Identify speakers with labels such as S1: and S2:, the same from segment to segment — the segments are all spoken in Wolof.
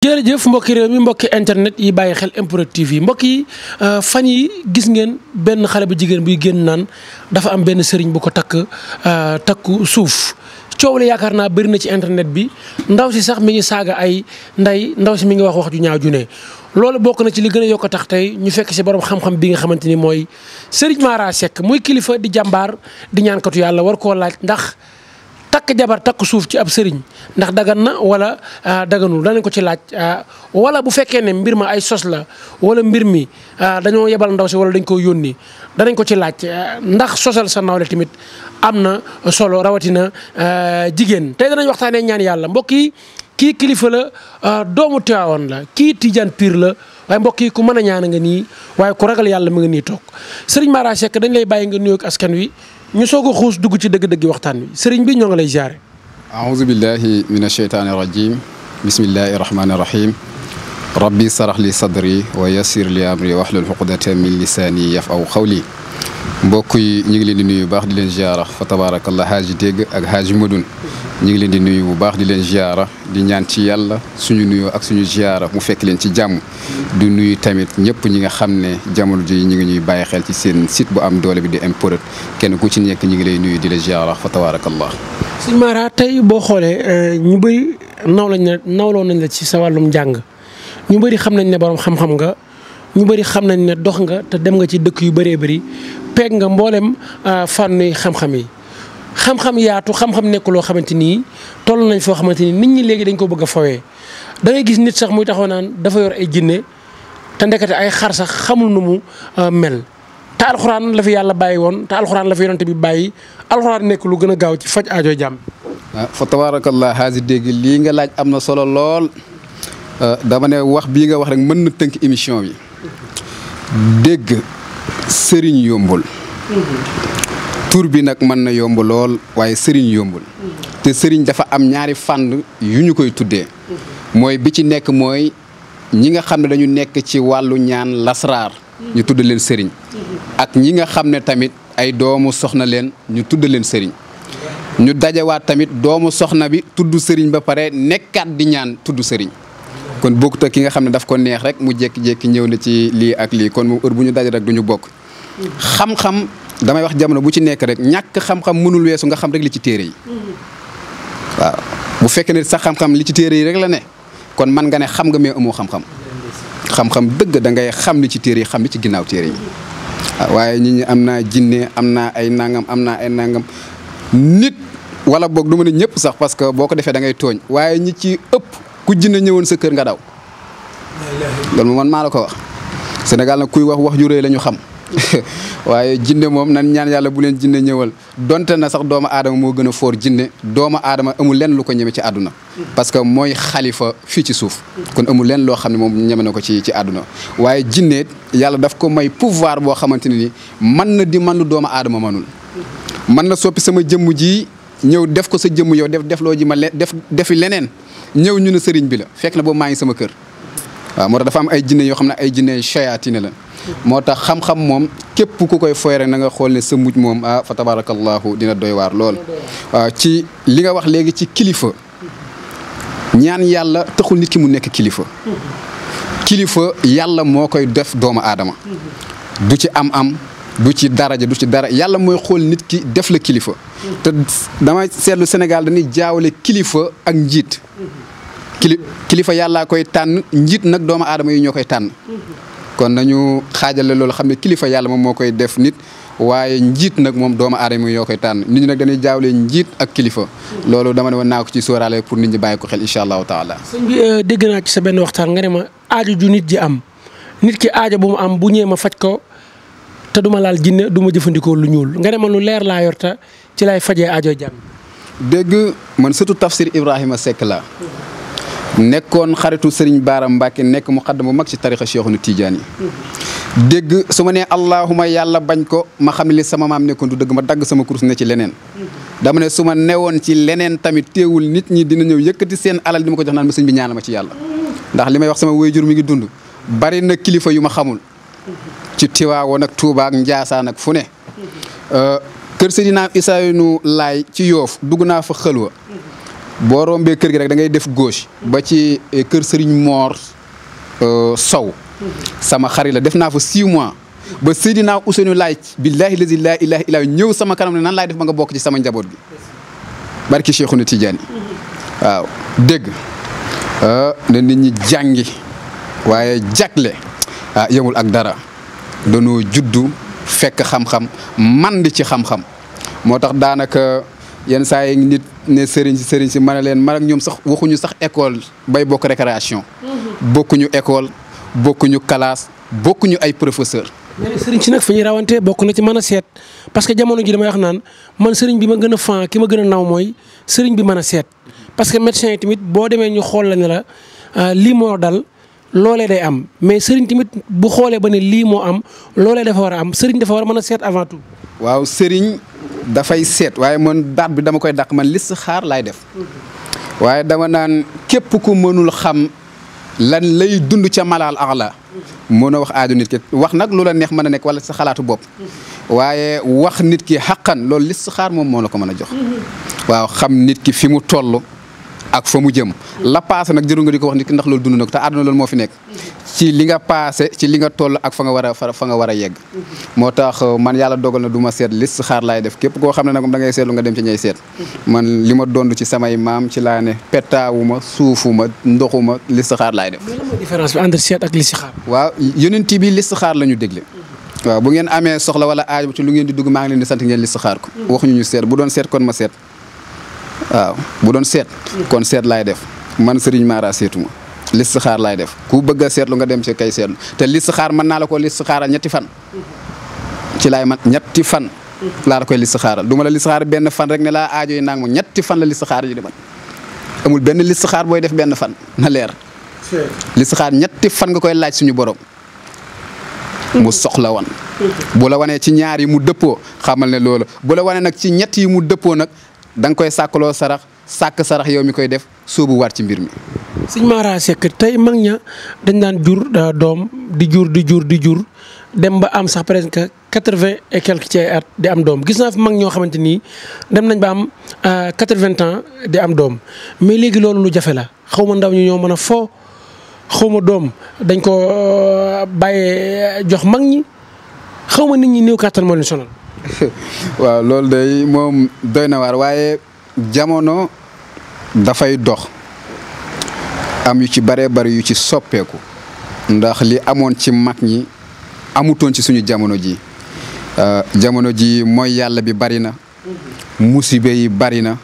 S1: jërëjëf mbokki réew mi mbokki internet yi bàyyi xel MPROD yi mbokk yi euh, fan yi gis ngeen benn xale bu jigéen buy génn naan dafa am benn sëriñ bu ko takk euh, takku suuf coow la yaakaar naa bëri na ci internet bi ndaw si sax mi ngi saaga ay ndey ndaw si mi ngi wax wax ju ñaaw ju ne loolu bokk na ci li gën a yokk tax tey ñu fekk si borom xam-xam bi nga xamante ni mooy Serigne Mara Seck muy kilifa di jàmbaar di ñaankatu yàlla war koo laaj ndax takk jabar takk suuf ci ab sëriñ ndax dagan na wala ah, daganul danañ ko ci laaj ah, wala bu fekkee ne mbir ma ay sos la wala mbir mi ah, dañoo yebal ndaw si wala dañ ko yónni danañ ko ci laaj ndax sosal sa nawle tamit am na solo rawatina jigéen tey danañ waxtaanee ñaan yàlla mbokk yi kii kilifa la doomu Tiwaawan la kii Tijaan Piir la. waaye mbokk yi ku mën a ñaan nga nii waaye ku ragal yàlla mu nga nii toog sëriñ Mara Seck dañ lay bàyyi nga nuyoog askan wi ñu soog a xuus dugg ci dëgg-dëgg waxtaan wi sëriñ bi ñoo ngi lay jaare
S2: aouzu billahi min asheytaani rajim bismillahi rahmaani rahim rabbi sarax li sadri wa yasir li amri wahlul uqdatan min lisaani yafqahu qawli mbokk yi ñu ngi leen di nuyu bu baax di leen ziara fa tabaarakallah haaji dégg ak haaji madun ñu ngi leen di nuyu bu baax di leen ziara di ñaan ci yàlla suñu nuyoo ak suñu ziara mu fekk leen ci jàmm du nuyu tamit ñëpp ñi nga xam ne jamono ji ñu ngi ñuy bàyyi xel ci seen site bu am doole bi di Mprod kenn ku ci nekk ñu ngi lay nuyu di la ziara fa tabaarakallah
S1: suñ Mara tey boo xoolee euh, ñu bëri naw lañ la nawloo nañ la ci sa wàllum njàng ñu bëri xam nañ ne borom xam nga ñu bëri xam nañ ne dox nga te dem nga ci dëkk yu bëree bëri peeg nga mboolem euh, fànnuy xam-xam yi xam-xam yaatu xam-xam nekk loo xamante ni toll nañ foo xamante ni nit ñi léegi dañ ko bëgg a fawee da gis nit sax muy taxaw naan dafa yor ay jinne te ndekete ay xar sax xamul nu mu euh, mel. te alxuraan la fi yàlla bàyyi woon te alxuraan la fi yonante bi bàyyi alxuraan nekk lu gën a gaaw ci faj aajo jàmm.
S2: fa tabaarakallah xaasi lii nga laaj am na solo lool euh, dama ne wax bii nga wax rek mën na tënk émission bi dégg sëriñ Mhm. tur bi nag mën na yomb lool waaye sëriñ yombul mhm. te sëriñ dafa am ñaari fànn yu ñu koy tuddee mhm. mooy bi ci nekk mooy ñi nga xam ne dañu nekk ci wàllu ñaan lasraar ñu tudd leen sëriñ ak ñi nga xam ne tamit ay doomu soxna leen ñu tudd leen sëriñ ñu dajawaat tamit doomu soxna bi tudd sëriñ ba pare nekkaat di ñaan tudd sëriñ kon bokkut ak ki nga xam ne daf ko neex rek mu jékki-jékki ñëw na ci lii ak lii kon moom heure bu ñu daje rek du ñu bokk xam-xam damay wax jamono bu ci nekk rek ñàkk xam-xam mënul weesu nga xam rek li ci téere yi waaw bu fekkee ne sax xam-xam li ci téere yi rek la ne kon man nga ne xam nga mais amoo xam-xam xam dëgg da ngay xam li ci téere yi xam li ci ginnaaw téere yi ah, waaye nit ñi am naa jinne am naa ay nangam am naa ay nangam nit wala boog du ma ñëpp sax parce que boo ko defee da ngay tooñ waaye ñi ci ëpp ku jinne ñëwoon sa kër nga daw loolu man maa la ko wax Sénégal nag kuy wax wax ju lañu xam waaye jinne moom nan ñaan yàlla bu leen jinne ñëwal donte na sax doomu aadama moo gën a foor jinne doomu aadama amul lenn lu ko ñeme ci àdduna parce que mooy xalifa fii ci suuf kon amul lenn loo xam ne moom ñeme na ko ci ci àdduna waaye jinne yàlla daf ko may pouvoir boo xamante ne ni mën na di mën doomu aadama mënul mën na soppi sama jëmm ji ñëw def ko sa jëmm yow def def ji ma le def defi leneen ñëw ñu ne sëriñ bi la fekk na boobu maa ngi sama kër waaw moo tax am ay jinne yoo xam ne ay jinne shayaatine la moo tax xam-xam moom képp ku koy fooy rek na nga xool ne sa mujj moom a ah, fa tabarakallahu dina doy waar lool. waaw ci li nga wax léegi ci kilifa ñaan yàlla taxul nit ki mu nekk kilifa. kilifa yàlla moo koy def doomu aadama. du ci am-am. du ci daraja du ci dara yàlla mooy xool nit ki def kilifa te dama seetlu Sénégal dañuy jaawle kilifa ak njiit kilifa yàllaa koy tànn njiit nag doomu aadama yi ñoo koy tànn kon nañu xaajale loolu xam ne kilifa yàlla moom moo koy def nit waaye njiit nag moom doomu aadama yoo koy tànn nit ñi nag dañuy jaawle njiit ak kilifa loolu dama ne woon naa ko ci sóoraale pour nit ñi bàyyi ko xel incha allahu taala.
S1: sëñ bi euh, dégg naa ci sa benn waxtaan nga ne ma aajo ju nit ji am nit ki aajo bu mu am bu ñëwee ma faj ko te duma laal jinne du ma jëfandikoo lu ñuul nga ne ma lu leer laa yor te ci lay fajee aajo jàmm. dëgg
S2: man surtout tafsir Ibrahima Seck la nekkoon xaritu Serigne Baara Mbacke nekk mu xaddam bu mag ci tarixa Cheikhuna Tidiane yi dégg su ma nee allahuma yàlla bañ ko ma xam li sama maam nekkoon du dëgg ma dagg sama kurus ne ci leneen dama ne su ma newoon ci leneen tamit teewul nit ñi dina ñëw yëkkati seen alal di ma ko jox naan ma sëñ bi ñaanama ci yàlla ndax li may wax sama waajur mi ngi dund bari na kilifa yu ma xamul ci Tiwaawoon ak tuubaak ak Njaasaan ak fu ne euh, kër Seydina Isaa nu laay ci yoof dugg naa fa xëlwa boo rombee kër gi rek da ngay def gauche ba ci eh, kër sëriñ Mor euh, Sow sama xarit la def naa fa six mois ba Seydina Ousseynou Laay billaahi lazi laa ilaaha ñëw sama kanam ne nan laay def ba nga bokk ci sama njaboot bi barki Cheikhouna Tidiane waaw dégg ah, ne nit ñi jàngi waaye jagle ah yemul ak dara danoo juddu fekk xam-xam mand ci xam-xam moo tax daanaka yenn saa yi nit ne sëriñ si sëriñ si ma ne leen man ak ñoom sax waxuñu sax école bay bokk récréation. Mhm. bokkuñu école bokkuñu classe bokkuñu ay professeur
S1: mais sëriñ si nag fi ñuy rawantee bokk na ci mën a seet parce que jamono ji dama wax naan man sëriñ bi ma gën a fan ki ma gën a naw mooy sëriñ bi mën a seet. parce que médecin yi tamit boo demee ñu xool la ne la euh, lii moo dal loolee day am mais sëriñ tamit bu xoolee ba ne lii moo am loolee dafa war a am sëriñ dafa war mën a seet avant
S2: waaw sëriñ dafay seet waaye man
S1: baat bi dama koy dàq man liss xaar laay def
S2: waaye dama naan képp ku mënul xam lan lay dund ca malaal axla mën a wax aaju nit wax nag loola neex mën a nekk wala sa xalaatu bopp waaye wax nit ki xaqan loolu xaar moom moo la ko mën a jox
S3: mm-hmm.
S2: waaw xam nit ki fi mu toll ak fa mu jëm la paase nag jëru nga di ko wax nit ndax loolu dund na ko te àdduna loolu moo fi nekk ci li nga paase ci li nga toll ak fa nga war a fa nga war a yegg moo tax euh, man yàlla dogal na du seet list xaar laay def képp koo xam ne nag da ngay seetlu nga dem ci ñay seet man li ma dond ci samay maam ci laa ne pettaawuma suufuma ndoxuma list xaar laay def
S1: différence bi entre seet ak list xaar
S2: waaw yonent bi list xaar la ñu dégle waaw bu ngeen amee soxla wala aaj ci lu ngeen di dugg maa ngi leen sant ngeen list xaar ko hmm. waxuñu ñu seet bu doon seet kon ma seet waaw bu doon seet kon seet laay def man sëriñ Mara seetuma listixaar laay def ku bëgg a seetlu nga dem ci kay seetlu te listixaar mën naa la ko listixaaral ñetti fan ci laay man ñetti fan laa la koy listixaaral du ma la listixaar benn fan rek laa aajo yi ñetti fan la listixaar yi di man amul benn listixaar booy def benn fan na leer listixaar ñetti fan nga koy laaj suñu borom mu soxla wan bu la wanee ci ñaar yi mu dëppoo xamal ne lool bu la wanee nag ci ñett yi mu dëppoo nag da nga koy sàkkaloo sarax sàkk sarax yow mi koy def sóobu waat ci mbir mi.
S1: sëñ Mara Seck tey mag ña dañ daan jur euh, doom di jur di jur di jur dem ba am sax presque quatre-vingt et quelque ci at di am doom gis naa fi mag ñoo xamante ni dem nañ ba am euh, quatre-vingts ans di am doom mais léegi loolu lu jafe la xaw ma ndaw ñi ñoo mën a foo xaw ma doom dañ ko euh, bàyyee jox mag ñi xaw ma nit ñi néew kàttan moo leen sonal.
S2: waaw loolu day moom doy na waar waaye jamono dafay dox am yu ci baree bari yu ci soppeeku ndax li amoon ci mag ñi amutoon ci suñu jamono ji euh, jamono ji mooy yàlla bi bari na musibe yi bari na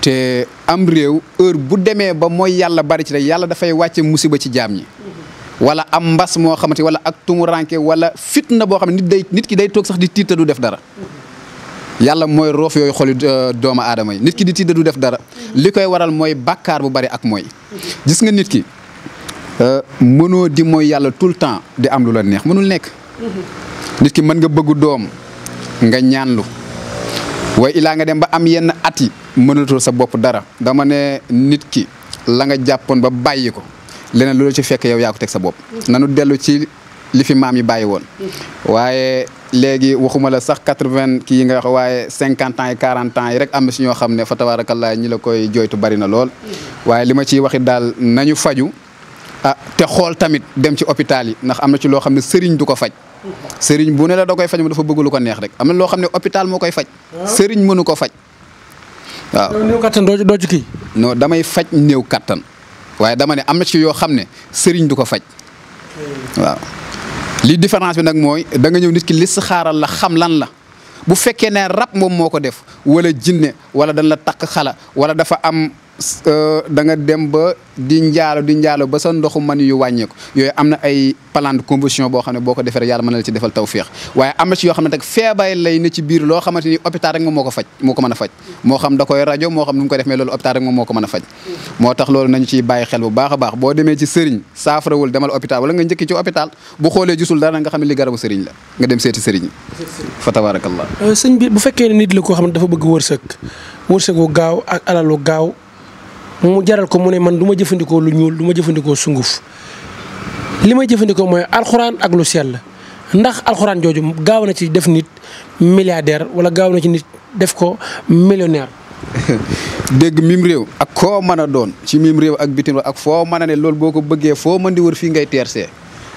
S2: te am réew heure bu demee ba mooy yàlla bari ci rek yàlla dafay wàcce musiba ci jaam ñi wala am mbas moo xamante wala ak tumuranke wala fitna boo xam ne nit day nit ki day toog sax di tiit def dara yàlla mooy roof yooy xoli euh, doomu aadama yi nit ki di tiit te def dara li koy waral mooy bakkaar bu bari ak mooy gis nga nit ki euh, mënoo di mooy yàlla tout le temps di am lu la neex mënul nekk nit ki mën nga bëgg doom nga ñaanlu waaye ilaa nga dem ba am yenn at yi mënatul sa bopp dara dama ne nit ki la nga jàppoon ba bàyyi ko leneen loolu ci fekk yow yaa ko sa bopp. nanu dellu ci li fi maam yi bàyyi woon. waaye léegi waxuma la sax quatre vingt kii yi nga wax waaye cinquante ans yi quarante ans yi rek am na si ñoo xam ne fa tabaarakallaa ñi la koy jooytu bari na lool. waaye li ma ciy waxit daal nañu faju ah te xool tamit dem ci hôpital yi ndax am na ci loo xam ne sëriñ du ko faj. sëriñ bu ne la da koy faj mu dafa ko neex rek am na loo xam ne hôpital moo koy faj. sëriñ mënu ko faj. waaw néew doo ci kii. non damay faj néew kattan. waaye dama ne am na ci yoo xam ne sëriñ du ko faj waaw li différence bi nag mooy da nga ñëw nit li listixaaral la xam lan la bu fekkee ne rab moom moo ko def wala jinne wala dañ la takk xala wala dafa am Euh, da nga dem ba di njaalo di njaalo ba sa ndoxu yu wàññeeku yooyu am na ay plan combustion boo xam ne boo ko defee rek yàlla mën na la ci defal tawféex waaye am ci yoo xam ne nag koy rajo moo xam nu nañu ciy bàyyi xel bu baax a baax boo demee ci sëriñ saafarawul demal hôpital wala nga njëkki ci hôpital bu xoolee gisul dara nga xam ne li garabu sëriñ la nga dem seeti sëriñ fa tabarakallah
S1: euh, sëñ bu fekkee nit la koo xam ne dafa bëgg wërsëg wërsëgu mu jaral ko mu ne man duma jëfandikoo lu ñuul du ma jëfandikoo sunguf li may jëfandikoo mooy alxuraan ak lu sell ndax alxuraan jooju gaaw na ci def nit milliardaire wala gaaw na ci nit def ko millionnaire.
S2: dégg mim réew ak koo mën a doon ci mim réew ak bitim ak foo mën a ne loolu boo ko bëggee foo man di wër fii ngay teersee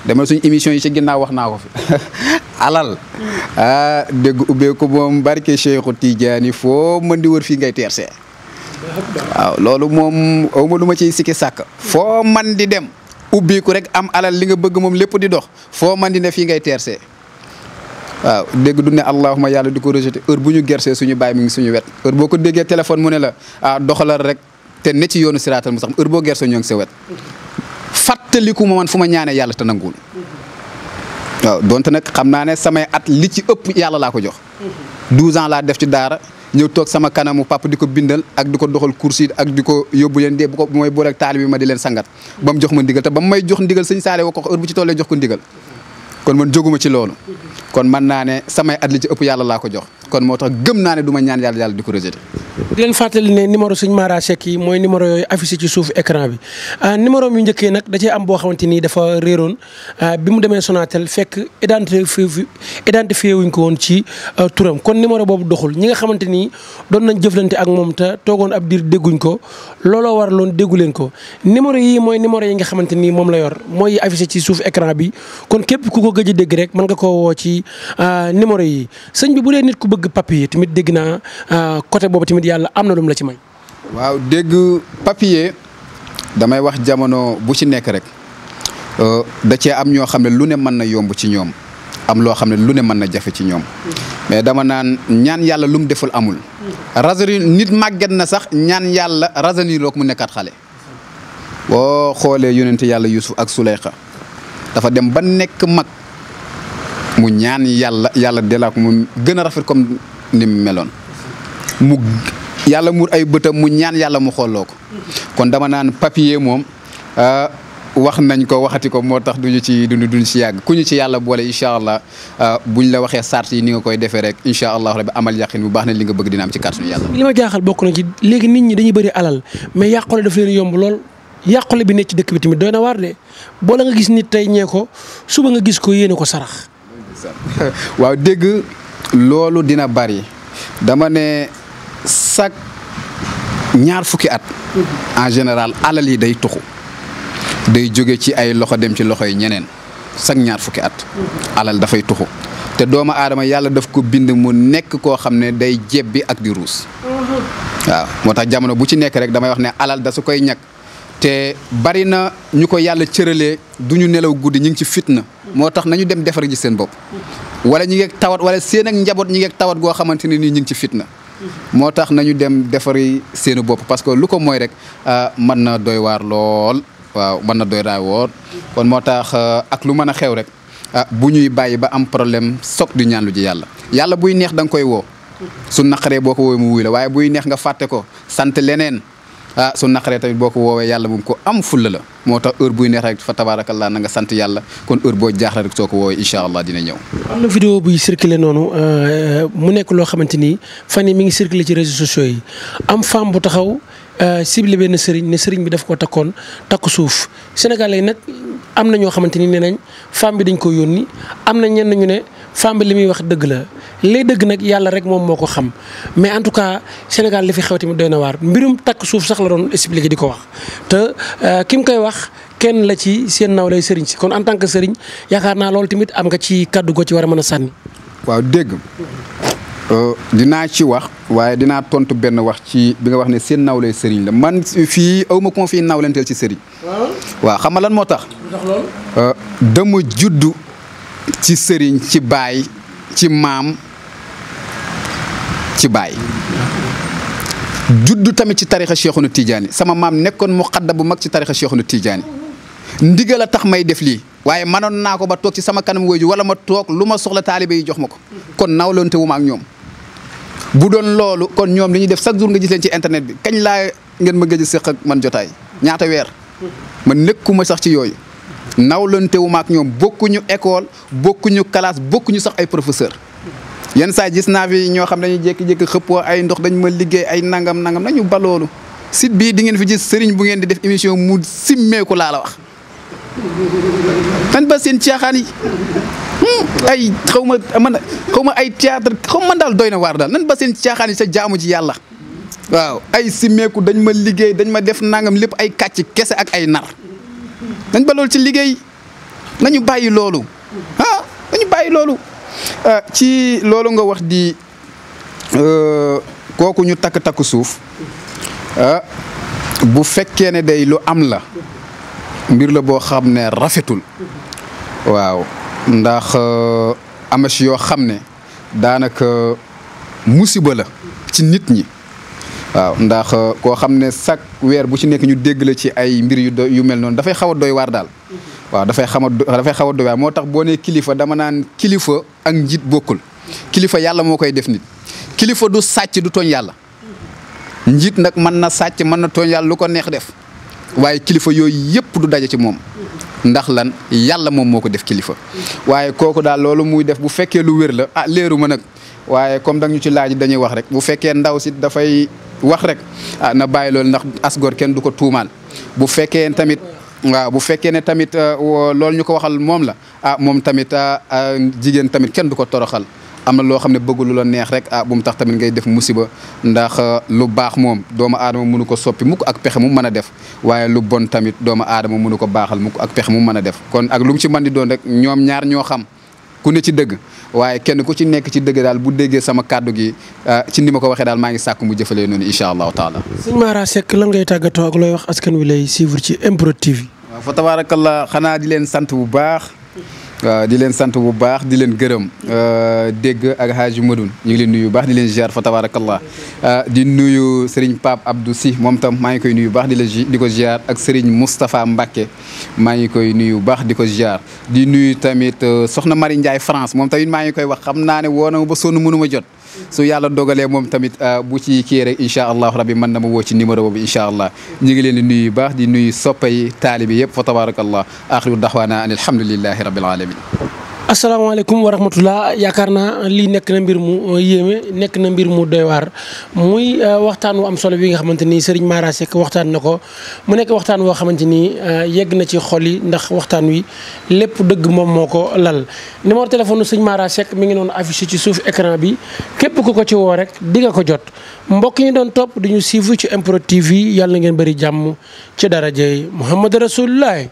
S2: dama suñ émission yi ci ginnaaw wax naa ko fi alal mm. ah dégg ubbee ko moom barke Cheikhu Tidiane foo mën di wër fii ngay teersee waaw loolu moom awma lu ma ciy sikki sàkk foo man di dem ubbiku rek am alal li nga bëgg moom lépp di dox foo man di ne fii ngay teersee waaw dég du ne allahuma yàlla di ko rejeté heure bu ñu gersee suñu bàyyi mi suñu wet heure boo ko déggee téléphone mu ne la ah rek te ne ci yoonu siraatal mu sax heure boo gersee ñoo ngi sa wet fàttaliku ma man fu ma ñaanee yàlla te nanguwul waaw donte nag xam naa ne samay at li ci ëpp yàlla laa ko jox 12 mm-hmm. ans laa def ci daara ñëw toog sama kanamu papa di ko bindal ak di ko doxal course ak di ko yóbbu leen dee bu ko mooy boorek taalibe bi ma di leen sangat ba mu jox ma ndigal te ba mu may jox ndigal sëñ saale woo ko heure bu ci tollee jox ko ndigal kon man jóguma ci loolu kon man naa ne samay at li ci ëpp yàlla laa
S1: ko jox kon moo tax gëm naa ne du ma ñaan yàlla yàlla di ko rejeté. di leen fàttali ne numéro sëñ Mara Seck yi mooy numéro yooyu affiché ci suuf écran bi ah, njëkkee nag da cee am boo xamante ni dafa réeroon ah, bi mu demee Sonatel fekk identifié identifié wuñ ko woon ci ah, turam kon numéro boobu doxul ñi nga xamante ni doon nañ jëflante ak moom te toogoon ab dégguñ ko looloo war loon déggu leen ko numéro yi mooy numéro yi nga xamante ni moom la yor mooy affiché ci suuf écran bi kon képp ku ko gëj a rek mën nga koo woo ci numéro yi sëñ bi bu dee nit ku bëgg dégg tamit dégg naa euh, côté boobu tamit yàlla am na lu la ci may. waaw dégg
S2: papiye damay wax jamono bu ci nekk rek euh, da cee am ñoo xam ne lu ne mën na yomb ci ñoom am loo xam ne lu ne mën na jafe ci ñoom mais dama naan ñaan yàlla lum deful amul. rajeunir nit màgget na sax ñaan yàlla rajeunir roog mu nekkaat xale. boo xoolee yonente yàlla Yusuf ak Suleyxa dafa dem ba nekk mag. mu ñaan yàlla yàlla delaak mu gën a rafet comme ni mu meloon mu yàlla mur ay bëtam mu ñaan yàlla mu xooloo ko kon dama naan papier moom ah, wax nañ ko waxati ko moo tax duñu ci duñu duñ ci yàgg ku ñu ci yàlla boole incha allah ah, buñ la waxee sart yi ni nga koy defee rek incha allah rabbi amal yaqin bu baax na li nga bëgg dina am ci kàttanu yàlla.
S1: li ma jaaxal bokk na ci léegi nit ñi dañuy bëri alal mais yàqule daf leen yomb lool yàqule bi nekk ci dëkk bi tamit doy na waar de boole nga nit tey ñee ko suba nga gis ko yéene ko sarax
S2: waaw dégg loolu dina bari dama ne chaque ñaar fukki at. Mhm. en général alal yi day tuxu day jóge ci ay loxo dem ci loxo yi ñeneen chaque ñaar fukki at. Mhm. alal dafay tuxu te doomu aadama yàlla daf ko bind mu nekk koo xam ne day jebbi ak di ruus. Mhm. waaw moo tax jamono bu ci nekk rek damay wax ne alal da su koy ñàkk te bari na ñu ko yàlla cëralee du ñu nelaw guddi ñu ngi ci fitna moo tax na ñu dem defar ji seen bopp wala ñu ngi tawat wala seen ak njaboot ñu ngi tawat goo xamante ne nii ñu ngi ci fitna moo tax nañu dem defari seeni bopp parce que lu ko mooy rek ah, mën na doy waar lool waaw mën na doy waar woor kon moo tax ah, ak lu mën a xew rek ah, bu ñuy bàyyi ba am problème soog di ñaan lu ji yàlla yàlla buy neex da nga koy woo su naqaree boo ko woowee mu wuy la waaye buy neex nga fàtte ko ah su naqaree tamit boo ko woowee yàlla moom ko am fulla la moo tax heure buy neex rek fa tabaarakallaa na sant yàlla kon heure boo jaaxle rek soo ko woowee incha allah dina ñëw.
S1: am na vidéo buy circulé noonu euh, mu nekk loo xamante ni fan yii mi ngi circulé ci réseaux sociaux yi am femme bu taxaw euh, ciblé benn sëriñ ne sëriñ bi daf ko takkoon takku suuf sénégalais nag am na ñoo xamante ni nee nañ femme bi dañ ko yónni am na ñeen ñu ne femme bi li muy wax dëgg la. lay dëgg nag yàlla rek moom moo ko xam mais en tout cas Sénégal li fi xew tamit doy na waar mbirum takk suuf sax la doon expliqué di ko wax te euh, ki mu koy wax kenn la ci seen naw lay sëriñ si kon en tant que sëriñ yaakaar naa lool tamit am nga ci kàddu goo ci war a mën a sànni. waaw dégg
S2: euh, dinaa ci wax waaye dinaa tontu benn wax ci bi nga wax ne seen naw lay sëriñ la man fii awma ko fii nawlanteel ci sëriñ. waaw xam moo tax. Euh, dama juddu ci sëriñ ci baay maam. ci baay juddu tamit ci tarixa Cheikhuna Tidiane sama maam nekkoon mu xadda bu mag ci tarixa Cheikhuna Tidiane ndigal a tax may def lii waaye manoon naa ko ba toog ci sama kanam wéju wala ma toog lu ma soxla taalibe yi jox ma ko kon nawlonte wu ma ak ñoom bu doon loolu kon ñoom li ñuy def chaque jour nga gis leen ci internet bi kañ laa ngeen ma gëj a ak man jotaay ñaata weer ma nekkuma sax ci yooyu nawlonte wu ma ñoom bokkuñu école bokkuñu classe bokkuñu sax ay professeur yenn saa gis naa fi ñoo xam dañuy jékki-jékki xëppoo ay ndox dañu ma liggéey ay nangam nangam nañu ba loolu site bii di ngeen fi gis sëriñ bu ngeen di def émission mu simmeeku laa la wax. nañ ba seen caaxaan hmm, ay xaw ma man ay théâtre xaw man daal na waar daal nañ ba seen caaxaan sa jaamu ci yàlla. waaw ay simmeeku dañ ma liggéey dañ ma def nangam lépp ay kàcc kese ak ay nar nañ ba ci liggéey nañu bàyyi loolu ah nañu bàyyi loolu. Ah, ci loolu nga wax di euh, kooku ñu takk takk suuf ah, bu fekkee ne day lu am la mbir la boo xam ne rafetul waaw ndax euh, amas yoo xam ne daanaka musiba la ci nit ñi waaw ndax euh, koo xam ne chaque weer bu ci nekk ñu dégg la ci ay mbir yu do yu mel noonu dafay xaw doy waar daal mm-hmm. waaw dafay xam a xaw a doy waar moo tax boo ne kilifa dama naan kilifa ak njiit bokkul kilifa yàlla moo koy def nit kilifa du sàcc du tooñ yàlla njiit nag mën na sàcc mën na tooñ yàlla lu ko neex def waaye kilifa yooyu yëpp du daje ci moom ndax lan yàlla moom moo ko def kilifa waaye kooku daal loolu muy def bu fekkee lu wér la ah léeru ma nag waaye comme dang ñu ci laaj dañuy wax rek bu fekkee ndaw si dafay wax rek ah, na bàyyi loolu ndax asgor kenn du ko tuumaal bu fekkee tamit waaw bu fekkee ne tamit euh, loolu ñu ko waxal moom la ah moom tamit ah, ah, jigéen tamit kenn du ko toroxal am na loo xam ne bëgg lu la neex rek a ah, bu mu tax tamit ngay def musiba ndax lu baax moom doomu aadama mënu ko soppi mukk ak pexe mu mën a def waaye lu bon tamit doomu aadama mënu ko baaxal mukk ak pexe mu mën a def kon ak lu mu ci mën di doon rek ñoom ñaar ñoo xam ku ne ci dëgg waaye kenn ku ci nekk ci dëgg daal bu déggee sama kaddu gi ci ni ma ko waxee daal maa ngi sàkk mu jëfalee noonu incha allahu taala.
S1: sëñ Mara Seck lan ngay tàggatoo ak looy wax askan wi lay suivre ci MPROD TV.
S2: Euh, di leen sant bu baax di leen gërëm euh, dégg ak Hadji Madoun ñu ngi leen nuyu baax di leen ziar fa tabarakallah euh, di nuyu Serigne Pape Abdou Sy moom tam maa ngi koy nuyu baax di la di ko ziar ak Serigne Moustapha Mbacké maa ngi koy nuyu baax di ko ziar di nuyu tamit soxna Mari njaay France moom tamit maa ngi koy wax xam naa ne woo na ma ba sonn mënu jot su yàlla dogalee moom tamit euh, bu ci kii rek incha allahu rabbi mën na ma woo ci numéro boobu incha allah ñu ngi leen di nuyu baax di nuyu soppay taalibi yëpp fa tabarakallah axiru daxwaana an alhamdulillahi rabbil alamin
S1: asalaamaaleykum wa rahmatullah yaakaar na lii nekk na mbir mu uh, yéeme nekk na mbir mu doy waar muy uh, waxtaan wu am solo bi nga xamante ni Serigne Mara Seck waxtaan na ko mu nekk waxtaan woo xamante ni uh, yegg na ci xol ndax waxtaan wi lépp dëgg moom moo ko lal. numéro téléphone nu Serigne Mara Seck mi ngi noonu affiché ci suuf écran bi képp ku ko ci woo rek di nga ko jot mbokk ñi doon topp duñu ñu suivre ci improtive TV yàlla ngeen bëri jàmm ci dara daraja Muhammad Rasulullah